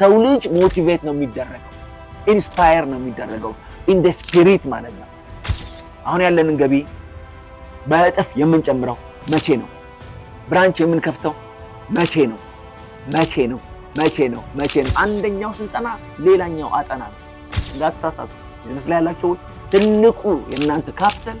ሰው ልጅ ሞቲቬት ነው የሚደረገው፣ ኢንስፓየር ነው የሚደረገው ኢንደ ስፒሪት ማለት ነው። አሁን ያለንን ገቢ በእጥፍ የምንጨምረው መቼ ነው? ብራንች የምንከፍተው መቼ ነው? መቼ ነው? መቼ ነው? መቼ ነው? አንደኛው ስልጠና ሌላኛው አጠና ነው። እንዳትሳሳቱ። ቢዝነስ ያላችሁ ትልቁ የእናንተ ካፒታል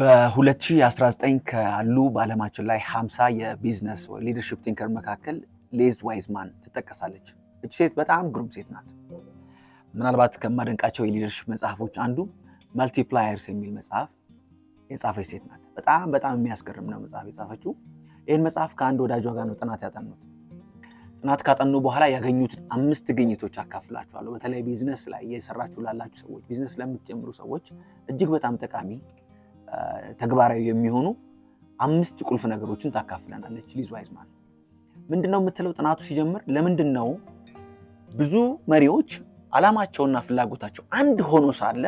በ2019 ካሉ በዓለማችን ላይ 50 የቢዝነስ ሊደርሽፕ ቲንከር መካከል ሌዝ ዋይዝማን ትጠቀሳለች። እች ሴት በጣም ግሩም ሴት ናት። ምናልባት ከማደንቃቸው የሊደርሽፕ መጽሐፎች አንዱ መልቲፕላየርስ የሚል መጽሐፍ የጻፈች ሴት ናት። በጣም በጣም የሚያስገርም ነው መጽሐፍ የጻፈችው። ይህን መጽሐፍ ከአንድ ወዳጇ ጋር ነው ጥናት ያጠኑት። ጥናት ካጠኑ በኋላ ያገኙት አምስት ግኝቶች አካፍላችኋለሁ። በተለይ ቢዝነስ ላይ እየሰራችሁ ላላችሁ ሰዎች፣ ቢዝነስ ለምትጀምሩ ሰዎች እጅግ በጣም ጠቃሚ ተግባራዊ የሚሆኑ አምስት ቁልፍ ነገሮችን ታካፍለናለች ሊዝ ዋይዝማን። ምንድነው የምትለው ጥናቱ ሲጀምር ለምንድን ነው ብዙ መሪዎች አላማቸውና ፍላጎታቸው አንድ ሆኖ ሳለ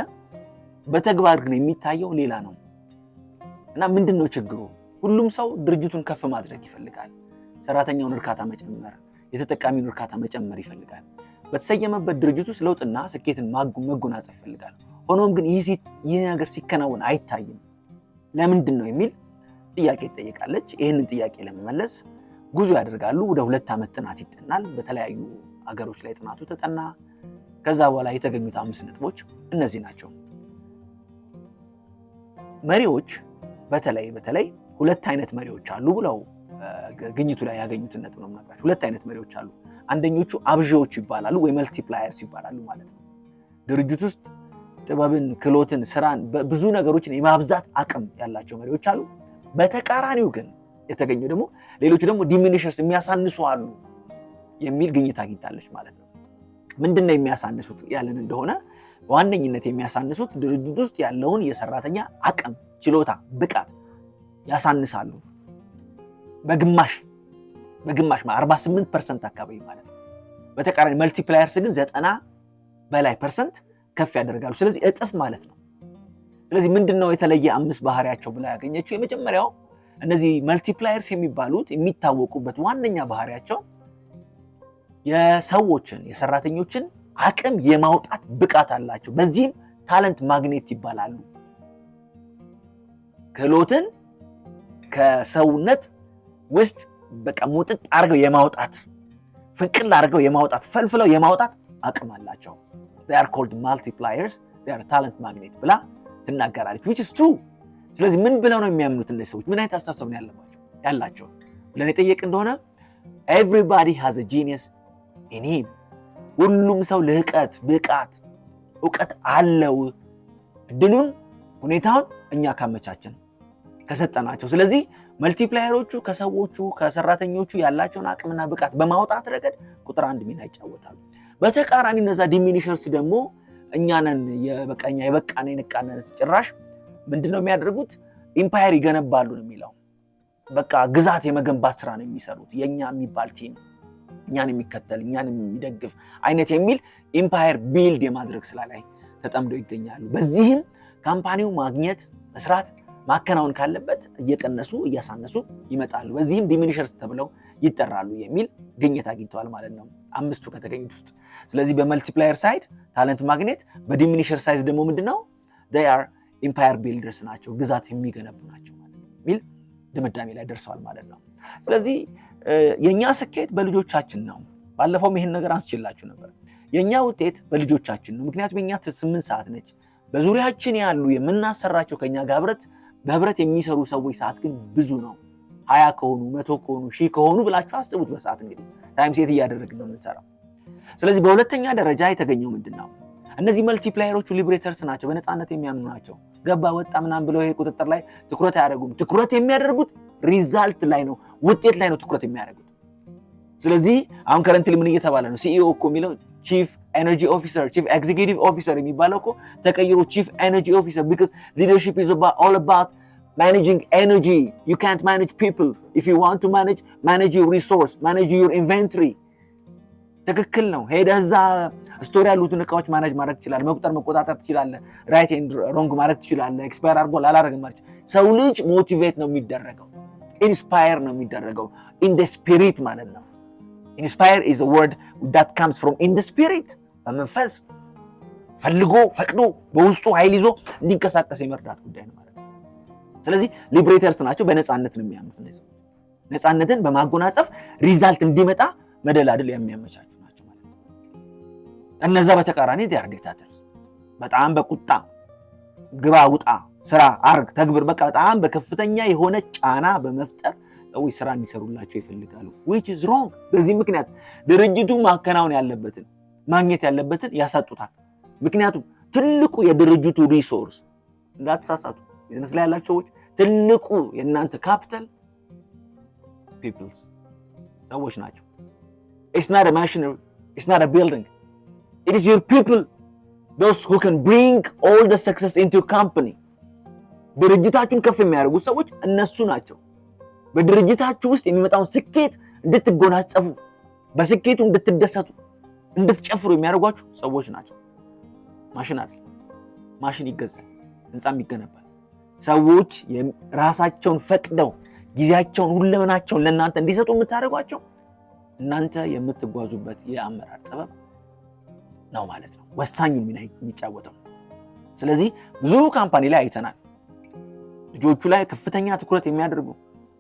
በተግባር ግን የሚታየው ሌላ ነው እና ምንድን ነው ችግሩ? ሁሉም ሰው ድርጅቱን ከፍ ማድረግ ይፈልጋል። ሰራተኛውን እርካታ መጨመር፣ የተጠቃሚውን እርካታ መጨመር ይፈልጋል። በተሰየመበት ድርጅት ውስጥ ለውጥና ስኬትን መጎናጸፍ ይፈልጋል። ሆኖም ግን ይህ ነገር ሲከናወን አይታይም። ለምንድን ነው የሚል ጥያቄ ትጠይቃለች። ይህንን ጥያቄ ለመመለስ ጉዞ ያደርጋሉ። ወደ ሁለት ዓመት ጥናት ይጠናል። በተለያዩ አገሮች ላይ ጥናቱ ተጠና። ከዛ በኋላ የተገኙት አምስት ነጥቦች እነዚህ ናቸው። መሪዎች በተለይ በተለይ ሁለት አይነት መሪዎች አሉ ብለው ግኝቱ ላይ ያገኙትን ነጥብ ነው የምነግራችሁ። ሁለት አይነት መሪዎች አሉ። አንደኞቹ አብዢዎች ይባላሉ ወይ መልቲፕላየርስ ይባላሉ ማለት ነው። ድርጅት ውስጥ ጥበብን፣ ክህሎትን፣ ስራን ብዙ ነገሮችን የማብዛት አቅም ያላቸው መሪዎች አሉ። በተቃራኒው ግን የተገኘው ደግሞ ሌሎቹ ደግሞ ዲሚኒሸርስ የሚያሳንሱ አሉ የሚል ግኝት አግኝታለች ማለት ነው። ምንድን ነው የሚያሳንሱት ያለን እንደሆነ በዋነኝነት የሚያሳንሱት ድርጅት ውስጥ ያለውን የሰራተኛ አቅም፣ ችሎታ፣ ብቃት ያሳንሳሉ። በግማሽ በግማሽ 48 ፐርሰንት አካባቢ ማለት ነው። በተቃራኒ መልቲፕላየርስ ግን ዘጠና በላይ ፐርሰንት ከፍ ያደርጋሉ። ስለዚህ እጥፍ ማለት ነው። ስለዚህ ምንድን ነው የተለየ አምስት ባህሪያቸው ብላ ያገኘችው? የመጀመሪያው እነዚህ መልቲፕላየርስ የሚባሉት የሚታወቁበት ዋነኛ ባህሪያቸው የሰዎችን የሰራተኞችን አቅም የማውጣት ብቃት አላቸው። በዚህም ታለንት ማግኔት ይባላሉ። ክህሎትን ከሰውነት ውስጥ በቃ ሙጥጥ አድርገው የማውጣት ፍንቅል አድርገው የማውጣት ፈልፍለው የማውጣት አቅም አላቸው። ር ኮልድ ማልቲፕላየርስ ር ታለንት ማግኔት ብላ ትናገራለች ዊች ኢዝ ትሩ። ስለዚህ ምን ብለው ነው የሚያምኑት እነዚህ ሰዎች? ምን አይነት አስተሳሰብ ነው ያላቸው ብለን የጠየቅ እንደሆነ ኤቭሪባዲ ሃዝ ጂኒየስ ኢን ሂም፣ ሁሉም ሰው ልህቀት፣ ብቃት፣ እውቀት አለው እድሉን ሁኔታውን እኛ ካመቻችን ከሰጠናቸው። ስለዚህ መልቲፕላየሮቹ ከሰዎቹ ከሰራተኞቹ ያላቸውን አቅምና ብቃት በማውጣት ረገድ ቁጥር አንድ ሚና ይጫወታሉ። በተቃራኒ እነዛ ዲሚኒሸርስ ደግሞ እኛንን የበቃኛ የበቃነ የነቃነ ጭራሽ ምንድን ነው የሚያደርጉት? ኢምፓየር ይገነባሉ ነው የሚለው። በቃ ግዛት የመገንባት ስራ ነው የሚሰሩት። የእኛ የሚባል ቲም እኛን የሚከተል እኛን የሚደግፍ አይነት የሚል ኢምፓየር ቢልድ የማድረግ ስራ ላይ ተጠምደው ይገኛሉ። በዚህም ካምፓኒው ማግኘት መስራት ማከናወን ካለበት እየቀነሱ እያሳነሱ ይመጣሉ። በዚህም ዲሚኒሸርስ ተብለው ይጠራሉ የሚል ግኝት አግኝተዋል ማለት ነው። አምስቱ ከተገኙት ውስጥ። ስለዚህ በመልቲፕላየር ሳይድ ታለንት ማግኘት፣ በዲሚኒሽር ሳይዝ ደግሞ ምንድነው ር ኢምፓየር ቢልደርስ ናቸው፣ ግዛት የሚገነቡ ናቸው የሚል ድምዳሜ ላይ ደርሰዋል ማለት ነው። ስለዚህ የእኛ ስኬት በልጆቻችን ነው። ባለፈውም ይህን ነገር አንስችላችሁ ነበር። የእኛ ውጤት በልጆቻችን ነው። ምክንያቱም የእኛ ስምንት ሰዓት ነች። በዙሪያችን ያሉ የምናሰራቸው ከኛ ጋር ህብረት በህብረት የሚሰሩ ሰዎች ሰዓት ግን ብዙ ነው። ሀያ ከሆኑ መቶ ከሆኑ ሺህ ከሆኑ ብላችሁ አስቡት። በሰዓት እንግዲህ ታይም ሴት እያደረግን ነው የምንሰራው። ስለዚህ በሁለተኛ ደረጃ የተገኘው ምንድን ነው? እነዚህ መልቲፕላየሮቹ ሊብሬተርስ ናቸው፣ በነፃነት የሚያምኑ ናቸው። ገባ ወጣ ምናምን ብለው ይሄ ቁጥጥር ላይ ትኩረት አያደርጉም። ትኩረት የሚያደርጉት ሪዛልት ላይ ነው፣ ውጤት ላይ ነው ትኩረት የሚያደርጉት። ስለዚህ አሁን ከረንትሊ ምን እየተባለ ነው? ሲኢኦ እኮ የሚለው ቺፍ ኤነርጂ ኦፊሰር ቺፍ ኦፊሰር የሚባለው እኮ ተቀይሮ ቺፍ ኤነርጂ ኦፊሰር ቢካዝ ሊደርሺፕ ኢዝ ኦል አባውት managing energy. You can't manage people. If you want to manage, manage your resource, manage your inventory. ትክክል ነው። ሄደህ እዛ ስቶር ያሉትን እቃዎች ማናጅ ማድረግ ትችላለህ፣ መቁጠር መቆጣጠር ትችላለህ፣ ራይት ኤንድ ሮንግ ማድረግ ትችላለህ። ኤክስፓየር አድርጓል አላደረግም ማለት ሰው ልጅ ሞቲቬት ነው የሚደረገው፣ ኢንስፓየር ነው የሚደረገው ኢን ደ ስፒሪት ማለት ነው። ኢንስፓየር ኢዝ ወርድ ዳት ካምስ ፍሮም ኢን ደ ስፒሪት በመንፈስ ፈልጎ ፈቅዶ በውስጡ ኃይል ይዞ እንዲንቀሳቀስ የመርዳት ጉዳይ ነው። ስለዚህ ሊብሬተርስ ናቸው። በነፃነት ነው የሚያምኑት። እነዚህ ነፃነትን በማጎናፀፍ ሪዛልት እንዲመጣ መደላድል የሚያመቻቹ ናቸው ማለት ነው። እነዛ በተቃራኒ ዲያር ዲክታተርስ በጣም በቁጣ ግባ፣ ውጣ፣ ስራ አርግ፣ ተግብር፣ በቃ በጣም በከፍተኛ የሆነ ጫና በመፍጠር ሰዎች ስራ እንዲሰሩላቸው ይፈልጋሉ። ዊች ኢዝ ሮንግ። በዚህ ምክንያት ድርጅቱ ማከናወን ያለበትን ማግኘት ያለበትን ያሳጡታል። ምክንያቱም ትልቁ የድርጅቱ ሪሶርስ እንዳትሳሳቱ ቢዝነስ ላይ ያላችሁ ሰዎች ትልቁ የእናንተ ካፒታል ፒፕልስ ሰዎች ናቸው። ኢትስ ናት ማሽነሪ ኢትስ ናት ቢልዲንግ ኢትስ ዩር ፒፕል ዶስ ሁ ካን ብሪንግ ኦል ዘ ሰክሰስ ኢንቱ ካምፓኒ። ድርጅታችሁን ከፍ የሚያደርጉት ሰዎች እነሱ ናቸው። በድርጅታችሁ ውስጥ የሚመጣውን ስኬት እንድትጎናጸፉ፣ በስኬቱ እንድትደሰቱ፣ እንድትጨፍሩ የሚያደርጓችሁ ሰዎች ናቸው። ማሽን አለ። ማሽን ይገዛል፣ ህንፃም ይገነባል። ሰዎች ራሳቸውን ፈቅደው ጊዜያቸውን፣ ሁለመናቸውን ለእናንተ እንዲሰጡ የምታደርጓቸው እናንተ የምትጓዙበት የአመራር ጥበብ ነው ማለት ነው። ወሳኙ ሚና የሚጫወተው። ስለዚህ ብዙ ካምፓኒ ላይ አይተናል። ልጆቹ ላይ ከፍተኛ ትኩረት የሚያደርጉ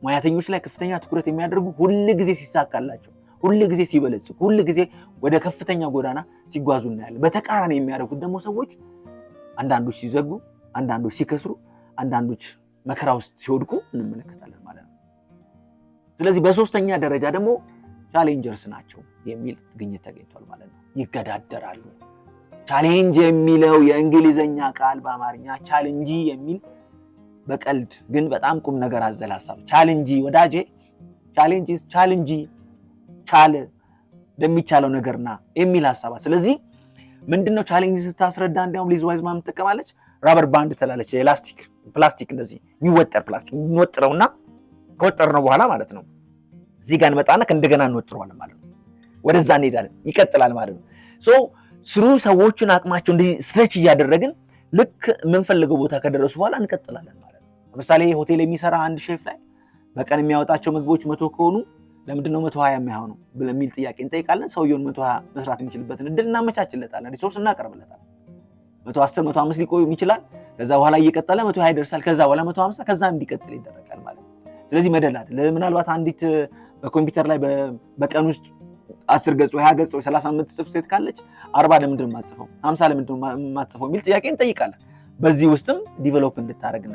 ሙያተኞች ላይ ከፍተኛ ትኩረት የሚያደርጉ ሁል ጊዜ ሲሳካላቸው፣ ሁል ጊዜ ሲበለጽጉ፣ ሁል ጊዜ ወደ ከፍተኛ ጎዳና ሲጓዙ እናያለን። በተቃራኒ የሚያደርጉት ደግሞ ሰዎች አንዳንዶች ሲዘጉ፣ አንዳንዶች ሲከስሩ አንዳንዶች መከራ ውስጥ ሲወድቁ እንመለከታለን ማለት ነው። ስለዚህ በሶስተኛ ደረጃ ደግሞ ቻሌንጀርስ ናቸው የሚል ግኝት ተገኝቷል ማለት ነው። ይገዳደራሉ። ቻሌንጅ የሚለው የእንግሊዝኛ ቃል በአማርኛ ቻሌንጂ የሚል በቀልድ ግን በጣም ቁም ነገር አዘል ሀሳብ ቻሌንጂ ወዳጄ ቻሌንጅስ ቻሌንጂ ቻል እንደሚቻለው ነገርና የሚል ሀሳባት ስለዚህ ምንድነው ቻሌንጅ ስታስረዳ እንዲያውም ሊዝ ዋይዝማን ትጠቀማለች። ራበር ባንድ ትላለች ኤላስቲክ ፕላስቲክ እንደዚህ የሚወጠር ፕላስቲክ የሚወጥረውና ከወጠር ነው በኋላ ማለት ነው እዚህ ጋር እንመጣና እንደገና እንወጥረዋለን ማለት ነው። ወደዛ እንሄዳለን ይቀጥላል ማለት ነው። ስሩ ሰዎቹን አቅማቸው እንደዚህ ስትሬች እያደረግን ልክ የምንፈልገው ቦታ ከደረሱ በኋላ እንቀጥላለን ማለት ነው። ለምሳሌ ሆቴል የሚሰራ አንድ ሼፍ ላይ በቀን የሚያወጣቸው ምግቦች መቶ ከሆኑ ለምንድን ነው መቶ ሀያ የሚያሆኑ የሚል ጥያቄ እንጠይቃለን። ሰውየውን መቶ ሀያ መስራት የሚችልበትን እድል እናመቻችለታለን፣ ሪሶርስ እናቀርብለታለን። 110 105 ሊቆይም ይችላል። ከዛ በኋላ እየቀጠለ 120 ይደርሳል። ከዛ በኋላ 150 ከዛ እንዲቀጥል ይደረጋል ማለት ነው። ስለዚህ መደላደል ምናልባት አንዲት በኮምፒውተር ላይ በቀን ውስጥ አስር ገጽ ወይ ሀያ ገጽ ወይ ሰላሳ የምትጽፍ ሴት ካለች አርባ ለምንድን ማጽፈው ሀምሳ ለምንድን ማጽፈው የሚል ጥያቄ እንጠይቃለን። በዚህ ውስጥም ዲቨሎፕ እንድታደረግና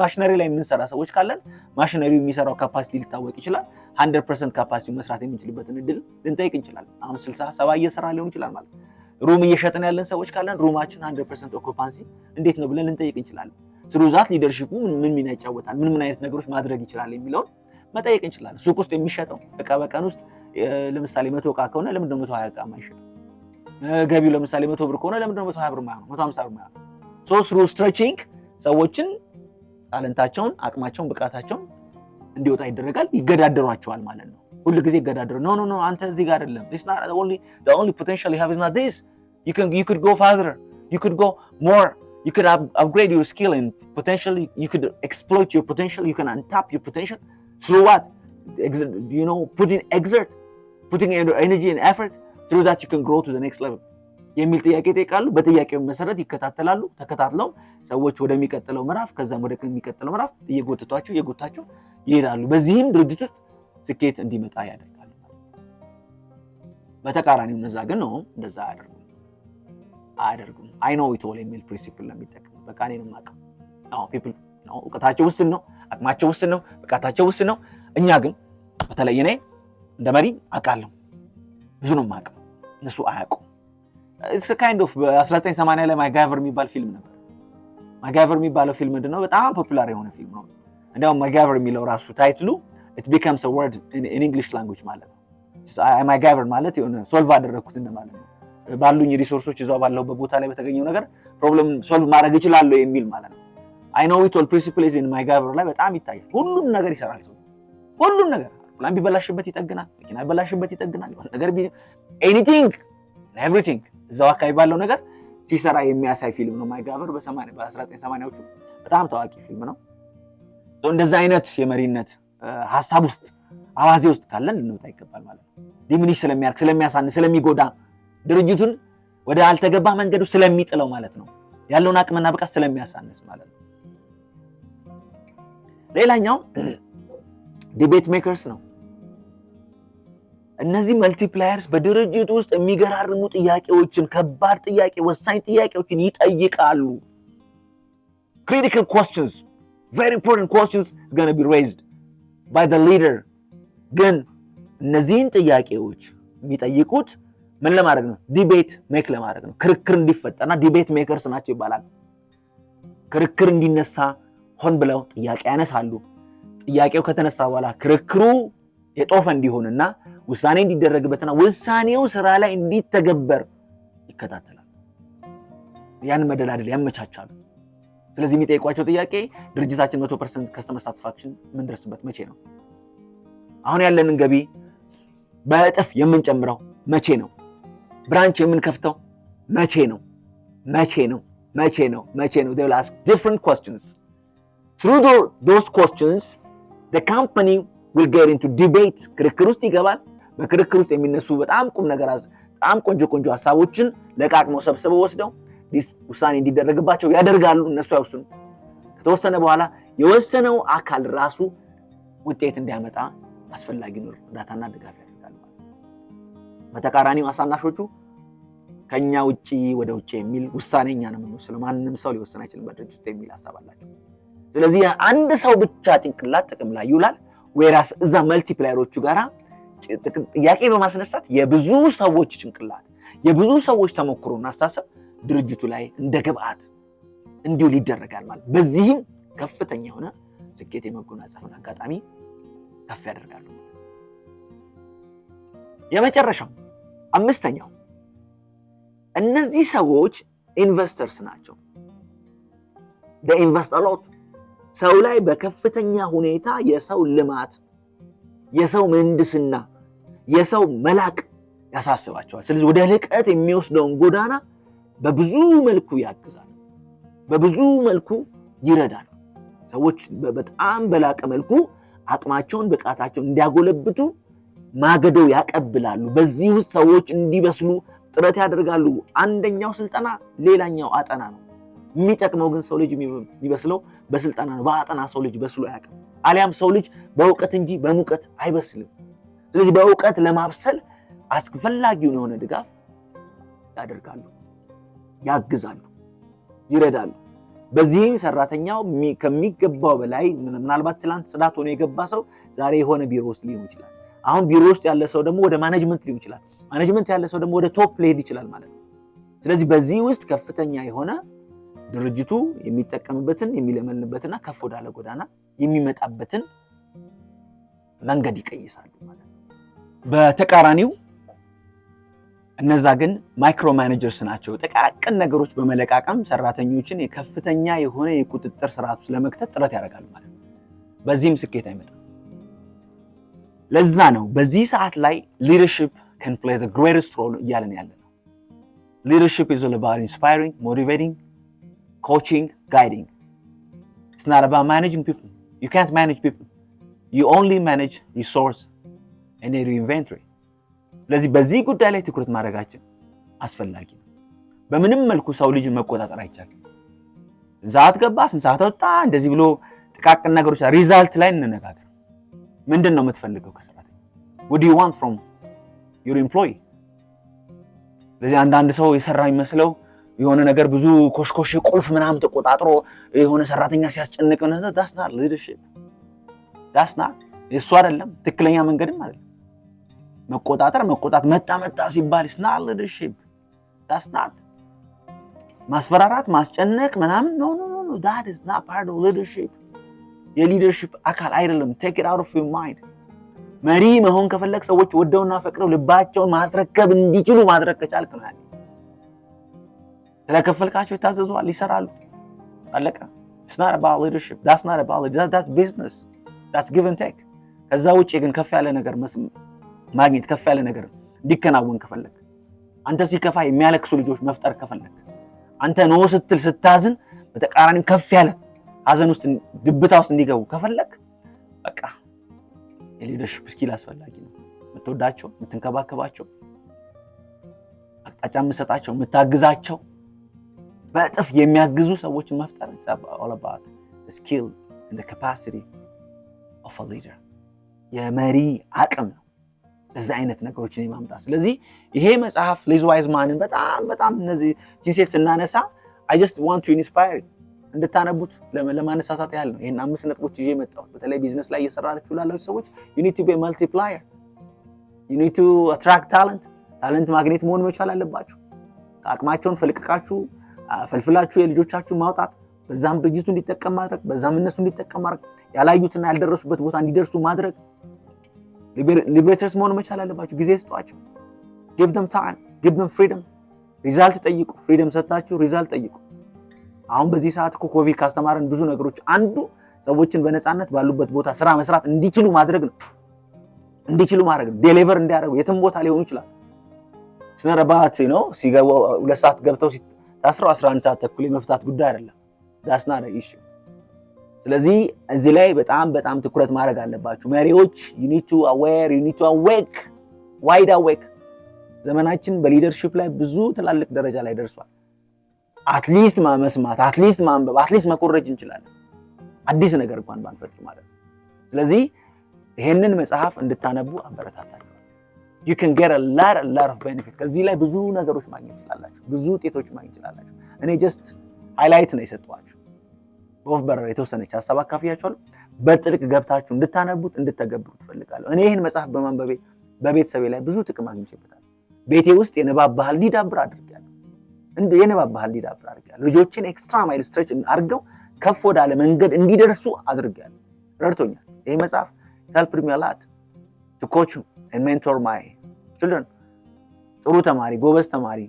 ማሽነሪ ላይ የምንሰራ ሰዎች ካለን ማሽነሪው የሚሰራው ካፓሲቲ ሊታወቅ ይችላል። ሀንድረድ ፐርሰንት ካፓሲቲ መስራት የምንችልበትን እድል ልንጠይቅ እንችላለን። አሁን ስልሳ ሰባ እየሰራ ሊሆን ይችላል ማለት ሩም እየሸጥን ያለን ሰዎች ካለን ሩማችን 100% ኦኩፓንሲ እንዴት ነው ብለን ልንጠይቅ እንችላለን። ስሩዛት ሊደርሽፑ ምን ሚና ይጫወታል፣ ምን ምን አይነት ነገሮች ማድረግ ይችላል የሚለውን መጠየቅ እንችላለን። ሱቅ ውስጥ የሚሸጠው እቃ በቀን ውስጥ ለምሳሌ መቶ እቃ ከሆነ ለምንድነው መቶ ሀያ እቃ ማይሸጥ? ገቢው ለምሳሌ መቶ ብር ከሆነ ለምንድነው መቶ ሀያ ብር ማይሆን መቶ ሀምሳ ብር ማይሆን? ሶ ስሩ ስትሬቺንግ ሰዎችን ታለንታቸውን፣ አቅማቸውን፣ ብቃታቸውን እንዲወጣ ይደረጋል፣ ይገዳደሯቸዋል ማለት ነው። ሁሉ ጊዜ ይገዳደሩ። ኖ ኖ ኖ አንተ እዚህ ጋር አይደለም። ዲስ ናት ዘ ኦንሊ ዘ ኦንሊ ፖቴንሻል ዩ ሃቭ ኢዝ ናት ዲስ ዩ ካን ዩ ኩድ ጎ ፋዘር ዩ ኩድ ጎ ሞር ዩ ኩድ አፕግሬድ ዩር ስኪል ኤንድ ፖቴንሻል ዩ ኩድ ኤክስፕሎይት ዩር ፖቴንሻል ዩ ካን አንታፕ ዩር ፖቴንሻል ትሩ ዋት ዩ ኖ ፑቲንግ ኤግዘርት ፑቲንግ ኤነርጂ ኤንድ ኤፈርት ትሩ ዳት ዩ ካን ግሮ ቱ ዘ ኔክስት ሌቭል የሚል ጥያቄ ይጠይቃሉ። በጥያቄው መሰረት ይከታተላሉ። ተከታትለው ሰዎች ወደሚቀጥለው ምዕራፍ ከዛም ወደሚቀጥለው ምዕራፍ እየጎተቷቸው እየጎታቸው ይሄዳሉ። በዚህም ድርጅት ውስጥ ስኬት እንዲመጣ ያደርጋል። በተቃራኒው እነዛ ግን ነው እንደዛ አያደርጉም አያደርጉም። አይ ኖው ኢት የሚል ፕሪንሲፕል ለሚጠቀም በቃ እኔንም አቅም ፒፕል እውቀታቸው ውስን ነው፣ አቅማቸው ውስን ነው፣ ብቃታቸው ውስን ነው። እኛ ግን በተለይ እኔ እንደ መሪ አውቃለሁ፣ ብዙ ነው የማውቅም፣ እነሱ አያውቁም። ካይንድ ኦፍ በ1980 ላይ ማጋቨር የሚባል ፊልም ነበር። ማጋቨር የሚባለው ፊልም ምንድነው? በጣም ፖፑላር የሆነ ፊልም ነው። እንዲያውም ማጋቨር የሚለው ራሱ ታይትሉ ኢት ቢካምስ አ ወርድ ኢን ኢንግሊሽ ላንጉጅ ማለት ነው። አይ ጋቨርን ማለት የሆነ ሶልቭ አደረግኩት እንደማለት ነው። ባሉኝ ሪሶርሶች እዛው ባለሁበት ቦታ ላይ በተገኘው ነገር ፕሮብለም ሶልቭ ማድረግ እችላለሁ የሚል ማለት ነው። አይ ኖው ኢት ኦል ፕሪንሲፕል ኢን ማይ ጋቨር ላይ በጣም ይታያል። ሁሉም ነገር ይሰራል ሰው ሁሉም ነገር ፕላን ቢበላሽበት ይጠግናል። መኪና ቢበላሽበት ይጠግናል። ነገር ኤኒቲንግ ኤቭሪቲንግ እዛው አካባቢ ባለው ነገር ሲሰራ የሚያሳይ ፊልም ነው። ማይ ጋቨር በ1980ዎቹ በጣም ታዋቂ ፊልም ነው። እንደዛ አይነት የመሪነት ሀሳብ ውስጥ አባዜ ውስጥ ካለን ልንወጣ ይገባል ማለት ነው። ዲሚኒሽ ስለሚያርግ ስለሚያሳንስ፣ ስለሚጎዳ ድርጅቱን ወደ አልተገባ መንገዱ ስለሚጥለው ማለት ነው። ያለውን አቅምና ብቃት ስለሚያሳንስ ማለት ነው። ሌላኛው ዲቤት ሜከርስ ነው። እነዚህ መልቲፕላየርስ በድርጅት ውስጥ የሚገራርሙ ጥያቄዎችን፣ ከባድ ጥያቄ፣ ወሳኝ ጥያቄዎችን ይጠይቃሉ። ክሪቲካል ኮስችንስ ቨሪ ኢምፖርታንት ኮስችንስ ኢዝ ቢ ሬይዝድ by the leader ግን እነዚህን ጥያቄዎች የሚጠይቁት ምን ለማድረግ ነው? ዲቤት ሜክ ለማድረግ ነው። ክርክር እንዲፈጠርና ዲቤት ሜከርስ ናቸው ይባላል። ክርክር እንዲነሳ ሆን ብለው ጥያቄ ያነሳሉ። ጥያቄው ከተነሳ በኋላ ክርክሩ የጦፈ እንዲሆንና ውሳኔ እንዲደረግበትና ውሳኔው ስራ ላይ እንዲተገበር ይከታተላል። ያን መደላደል ያመቻቻሉ። ስለዚህ የሚጠይቋቸው ጥያቄ ድርጅታችን መቶ ፐርሰንት ከስተመር ሳትስፋክሽን የምንደርስበት መቼ ነው? አሁን ያለንን ገቢ በእጥፍ የምንጨምረው መቼ ነው? ብራንች የምንከፍተው መቼ ነው? መቼ ነው? መቼ ነው? መቼ ነው? they will ask different questions. through those questions the ዲቤት ክርክር ውስጥ ይገባል። በክርክር ውስጥ የሚነሱ በጣም ቁም ነገር በጣም ቆንጆ ቆንጆ ሀሳቦችን ለቃቅመው ሰብስበው ወስደው አዲስ ውሳኔ እንዲደረግባቸው ያደርጋሉ። እነሱ አይወስኑ። ከተወሰነ በኋላ የወሰነው አካል ራሱ ውጤት እንዲያመጣ አስፈላጊ ነው እርዳታና ድጋፍ ያደርጋል። በተቃራኒ አሳናሾቹ ከኛ ውጭ ወደ ውጭ የሚል ውሳኔ እኛ ነው የምንወስነው፣ ማንም ሰው ሊወስን አይችልም በድርጅት ውስጥ የሚል ሀሳብ አላቸው። ስለዚህ አንድ ሰው ብቻ ጭንቅላት ጥቅም ላይ ይውላል ወይራስ እዛ መልቲፕላየሮቹ ጋር ጥያቄ በማስነሳት የብዙ ሰዎች ጭንቅላት የብዙ ሰዎች ተሞክሮና አስተሳሰብ ድርጅቱ ላይ እንደ ግብአት እንዲውል ይደረጋል ማለት። በዚህም ከፍተኛ የሆነ ስኬት የመጎናጸፍን አጋጣሚ ከፍ ያደርጋሉ። የመጨረሻው አምስተኛው እነዚህ ሰዎች ኢንቨስተርስ ናቸው። ኢንቨስት ሰው ላይ በከፍተኛ ሁኔታ የሰው ልማት፣ የሰው ምህንድስና፣ የሰው መላቅ ያሳስባቸዋል። ስለዚህ ወደ ልቀት የሚወስደውን ጎዳና በብዙ መልኩ ያግዛል፣ በብዙ መልኩ ይረዳል። ሰዎች በጣም በላቀ መልኩ አቅማቸውን ብቃታቸውን እንዲያጎለብቱ ማገደው ያቀብላሉ። በዚህ ውስጥ ሰዎች እንዲበስሉ ጥረት ያደርጋሉ። አንደኛው ስልጠና፣ ሌላኛው አጠና ነው። የሚጠቅመው ግን ሰው ልጅ የሚበስለው በስልጠና ነው። በአጠና ሰው ልጅ በስሎ አያውቅም። አሊያም ሰው ልጅ በእውቀት እንጂ በሙቀት አይበስልም። ስለዚህ በእውቀት ለማብሰል አስፈላጊውን የሆነ ድጋፍ ያደርጋሉ። ያግዛሉ፣ ይረዳሉ። በዚህም ሰራተኛው ከሚገባው በላይ ምናልባት ትላንት ጽዳት ሆኖ የገባ ሰው ዛሬ የሆነ ቢሮ ውስጥ ሊሆን ይችላል። አሁን ቢሮ ውስጥ ያለ ሰው ደግሞ ወደ ማኔጅመንት ሊሆን ይችላል። ማኔጅመንት ያለ ሰው ደግሞ ወደ ቶፕ ሊሄድ ይችላል ማለት ነው። ስለዚህ በዚህ ውስጥ ከፍተኛ የሆነ ድርጅቱ የሚጠቀምበትን የሚለመልንበትና ከፍ ወዳለ ጎዳና የሚመጣበትን መንገድ ይቀይሳሉ ማለት ነው። በተቃራኒው እነዛ ግን ማይክሮ ማኔጀርስ ናቸው። ጥቃቅን ነገሮች በመለቃቀም ሰራተኞችን የከፍተኛ የሆነ የቁጥጥር ስርዓት ውስጥ ለመክተት ጥረት ያደርጋል ማለት ነው። በዚህም ስኬት አይመጣም። ለዛ ነው በዚህ ሰዓት ላይ ሊደርሽፕ ካን ፕሌይ ዘ ግሬትስት ሮል እያለን ያለ ነው። ሊደርሽፕ ኢዝ ኦል አባውት ኢንስፓይሪንግ፣ ሞቲቬቲንግ፣ ኮቺንግ፣ ጋይዲንግ ኢትስ ናት አባውት ማኔጂንግ ፒፕል ዩ ካንት ማኔጅ ፒፕል ዩ ኦንሊ ማኔጅ ሪሶርስ ኤንድ ኢንቨንተሪ ስለዚህ በዚህ ጉዳይ ላይ ትኩረት ማድረጋችን አስፈላጊ ነው። በምንም መልኩ ሰው ልጅን መቆጣጠር አይቻልም። ስንት ሰዓት ገባ፣ ስንት ሰዓት ወጣ፣ እንደዚህ ብሎ ጥቃቅን ነገሮች ሪዛልት ላይ እንነጋገር። ምንድን ነው የምትፈልገው ከሰራተኛ? what do you want ስለዚህ አንዳንድ ሰው የሰራ የሚመስለው የሆነ ነገር ብዙ ኮሽኮሽ ቁልፍ ምናምን ተቆጣጥሮ የሆነ ሰራተኛ ሲያስጨንቅ ዳስና ሊደርሺፕ ዳስና የእሱ አይደለም ትክክለኛ መንገድም አይደለም። መቆጣጠር መቆጣት መጣ መጣ ሲባል ስናልድሽፕ ዳስናት ማስፈራራት ማስጨነቅ ምናምን ኖ ኖ ኖ ዳት ኢዝ ናት ፓርት ኦፍ ሊደርሺፕ የሊደርሺፕ አካል አይደለም። ቴክ ኢት አውት ኦፍ ዩር ማይንድ። መሪ መሆን ከፈለግ ሰዎች ወደውና ፈቅደው ልባቸውን ማስረከብ እንዲችሉ ማድረግ ከቻልክ ማለት ስለከፈልካቸው ይታዘዙዋል፣ ይሰራሉ። አለቀ። ኢትስ ናት አባውት ሊደርሺፕ ዳትስ ናት አባውት ዳትስ ቢዝነስ ዳትስ ጊቭ ኤንድ ቴክ። ከዛ ውጭ ግን ከፍ ያለ ነገር መስማት ማግኘት ከፍ ያለ ነገር እንዲከናወን ከፈለግ፣ አንተ ሲከፋ የሚያለቅሱ ልጆች መፍጠር ከፈለግ፣ አንተ ኖ ስትል ስታዝን በተቃራኒ ከፍ ያለ ሀዘን ውስጥ ድብታ ውስጥ እንዲገቡ ከፈለግ፣ በቃ የሊደርሽፕ ስኪል አስፈላጊ ነው። የምትወዳቸው፣ የምትንከባከባቸው፣ አቅጣጫ የምትሰጣቸው፣ የምታግዛቸው በእጥፍ የሚያግዙ ሰዎችን መፍጠር ኦለባት ስኪል ካፓሲቲ ኦፍ ሊደር የመሪ አቅም ነው። እንደዚህ አይነት ነገሮችን የማምጣት ስለዚህ ይሄ መጽሐፍ ሊዝ ዋይዝማንን በጣም በጣም እነዚህ ጂንሴት ስናነሳ አይ ጀስት ዋንት ቱ ኢንስፓየር እንድታነቡት ለማነሳሳት ያህል ነው። ይህን አምስት ነጥቦች ይዤ መጣሁት። በተለይ ቢዝነስ ላይ እየሰራችሁ ላላችሁ ሰዎች ዩ ኒድ ቱ ቢ መልቲፕላየር፣ ዩ ኒድ ቱ አትራክት ታለንት። ታለንት ማግኔት መሆን መቻል አለባችሁ። አቅማቸውን ፈልቅቃችሁ ፈልፍላችሁ የልጆቻችሁን ማውጣት፣ በዛም ድርጅቱ እንዲጠቀም ማድረግ፣ በዛም እነሱ እንዲጠቀም ማድረግ፣ ያላዩትና ያልደረሱበት ቦታ እንዲደርሱ ማድረግ ሊብሬተርስ መሆን መቻል አለባችሁ። ጊዜ ስጧቸው። ጊቭ ደም ታይም፣ ጊቭ ደም ፍሪደም። ሪዛልት ጠይቁ። ፍሪደም ሰጥታችሁ ሪዛልት ጠይቁ። አሁን በዚህ ሰዓት እኮ ኮቪድ ካስተማረን ብዙ ነገሮች አንዱ ሰዎችን በነፃነት ባሉበት ቦታ ስራ መስራት እንዲችሉ ማድረግ ነው። እንዲችሉ ማድረግ ነው። ዴሊቨር እንዲያደርጉ የትም ቦታ ሊሆኑ ይችላል። ስነረባት ነው ሲገቡ ሁለት ሰዓት ገብተው ታስረው 11 ሰዓት ተኩል የመፍታት ጉዳይ አይደለም። ዳስና ስለዚህ እዚህ ላይ በጣም በጣም ትኩረት ማድረግ አለባችሁ መሪዎች። ዩ አዌር አዌክ ዋይድ አዌክ። ዘመናችን በሊደርሺፕ ላይ ብዙ ትላልቅ ደረጃ ላይ ደርሷል። አትሊስት መስማት፣ አትሊስት ማንበብ፣ አትሊስት መኮረጅ እንችላለን፣ አዲስ ነገር እንኳን ባንፈጥር ማለት ነው። ስለዚህ ይሄንን መጽሐፍ እንድታነቡ አበረታታለሁ። ዩ ካን ጌት ኦፍ ቤኔፊት ከዚህ ላይ ብዙ ነገሮች ማግኘት ይችላላችሁ፣ ብዙ ውጤቶች ማግኘት ይችላላችሁ። እኔ ጀስት ሃይላይት ነው የሰጠኋችሁ። ኦፍ በረራ የተወሰነች ሀሳብ አካፍያችኋለሁ። በጥልቅ ገብታችሁ እንድታነቡት እንድተገብሩ ትፈልጋለሁ። እኔ ይህን መጽሐፍ በማንበቤ በቤተሰቤ ላይ ብዙ ጥቅም አግኝቼበታል። ቤቴ ውስጥ የንባብ ባህል ሊዳብር አድርጊያለሁ። የንባብ ባህል ሊዳብር አድርጊያለሁ። ልጆችን ኤክስትራ ማይል ስትሬች አድርገው ከፍ ወዳለ መንገድ እንዲደርሱ አድርጊያለሁ። ረድቶኛል። ይህ መጽሐፍ ሄልፕድ ሚ አላት ቱ ኮች ሜንቶር ማይ ችልድረን ጥሩ ተማሪ ጎበዝ ተማሪ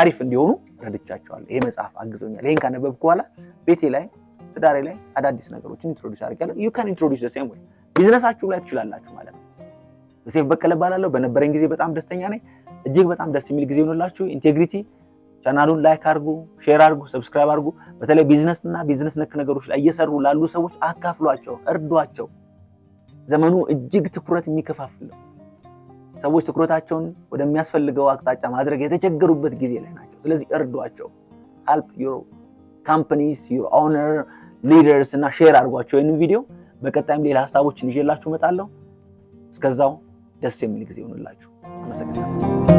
አሪፍ እንዲሆኑ ረድቻቸዋለሁ። ይሄ መጽሐፍ አግዞኛል። ይህን ካነበብኩ በኋላ ቤቴ ላይ ትዳሬ ላይ አዳዲስ ነገሮችን ኢንትሮዲስ አድርጋለሁ። ዩ ካን ኢንትሮዲስ ዘ ሴም ወይ ቢዝነሳችሁ ላይ ትችላላችሁ ማለት ነው። ዮሴፍ በቀለ እባላለሁ። በነበረኝ ጊዜ በጣም ደስተኛ ነኝ። እጅግ በጣም ደስ የሚል ጊዜ ይሆንላችሁ። ኢንቴግሪቲ ቻናሉን ላይክ አድርጉ፣ ሼር አድርጉ፣ ሰብስክራይብ አድርጉ። በተለይ ቢዝነስ እና ቢዝነስ ነክ ነገሮች ላይ እየሰሩ ላሉ ሰዎች አካፍሏቸው፣ እርዷቸው። ዘመኑ እጅግ ትኩረት የሚከፋፍል ነው። ሰዎች ትኩረታቸውን ወደሚያስፈልገው አቅጣጫ ማድረግ የተቸገሩበት ጊዜ ላይ ናቸው። ስለዚህ እርዷቸው። ልፕ ዩር ካምፓኒስ ዩር ኦነር ሊደርስ እና ሼር አድርጓቸው ይህንን ቪዲዮ። በቀጣይም ሌላ ሀሳቦችን ይዤላችሁ እመጣለሁ። እስከዛው ደስ የሚል ጊዜ ይሆንላችሁ። አመሰግናለሁ።